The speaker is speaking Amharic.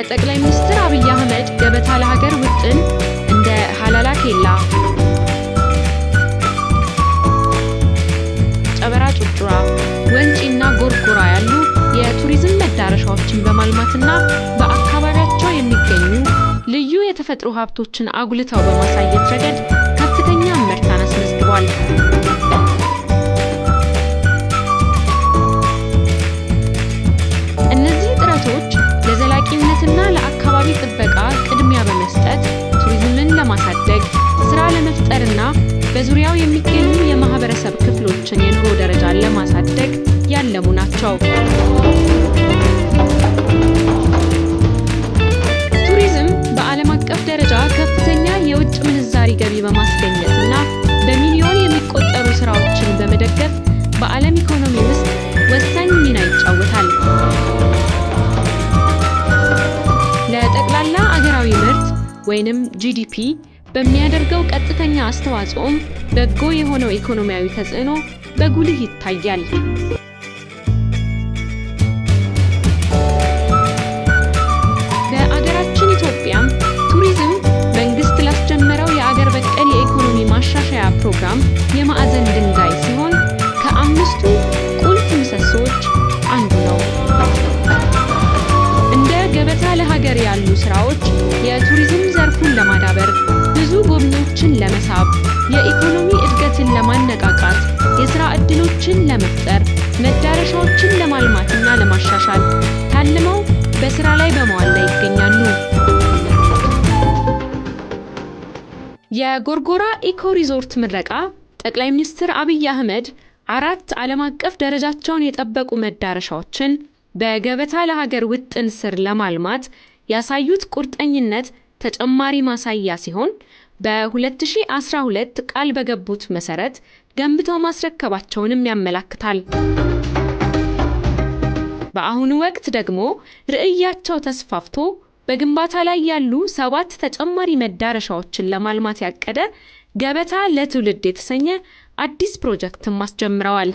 የጠቅላይ ሚኒስትር አብይ አህመድ ገበታ ለሀገር ውጥን እንደ ሀላላ ኬላ፣ ጨበራ ጩርጩራ፣ ወንጪና ጎርጎራ ያሉ የቱሪዝም መዳረሻዎችን በማልማትና በአካባቢያቸው የሚገኙ ልዩ የተፈጥሮ ሀብቶችን አጉልተው በማሳየት ረገድ በዙሪያው የሚገኙ የማህበረሰብ ክፍሎችን የኑሮ ደረጃን ለማሳደግ ያለሙ ናቸው። ቱሪዝም በዓለም አቀፍ ደረጃ ከፍተኛ የውጭ ምንዛሪ ገቢ በማስገኘት እና በሚሊዮን የሚቆጠሩ ስራዎችን በመደገፍ በዓለም ኢኮኖሚ ውስጥ ወሳኝ ሚና ይጫወታል። ለጠቅላላ አገራዊ ምርት ወይንም ጂዲፒ በሚያደርገው ቀጥተኛ አስተዋጽኦም በጎ የሆነው ኢኮኖሚያዊ ተጽዕኖ በጉልህ ይታያል። ክፍለ ሀገር ያሉ ስራዎች የቱሪዝም ዘርፉን ለማዳበር፣ ብዙ ጎብኚዎችን ለመሳብ፣ የኢኮኖሚ እድገትን ለማነቃቃት፣ የስራ እድሎችን ለመፍጠር፣ መዳረሻዎችን ለማልማትና ለማሻሻል ታልመው በስራ ላይ በመዋል ላይ ይገኛሉ። የጎርጎራ ኢኮ ሪዞርት ምረቃ ጠቅላይ ሚኒስትር አብይ አህመድ አራት ዓለም አቀፍ ደረጃቸውን የጠበቁ መዳረሻዎችን በገበታ ለሀገር ውጥን ስር ለማልማት ያሳዩት ቁርጠኝነት ተጨማሪ ማሳያ ሲሆን በ2012 ቃል በገቡት መሰረት ገንብተው ማስረከባቸውንም ያመላክታል። በአሁኑ ወቅት ደግሞ ርዕያቸው ተስፋፍቶ በግንባታ ላይ ያሉ ሰባት ተጨማሪ መዳረሻዎችን ለማልማት ያቀደ ገበታ ለትውልድ የተሰኘ አዲስ ፕሮጀክትም አስጀምረዋል።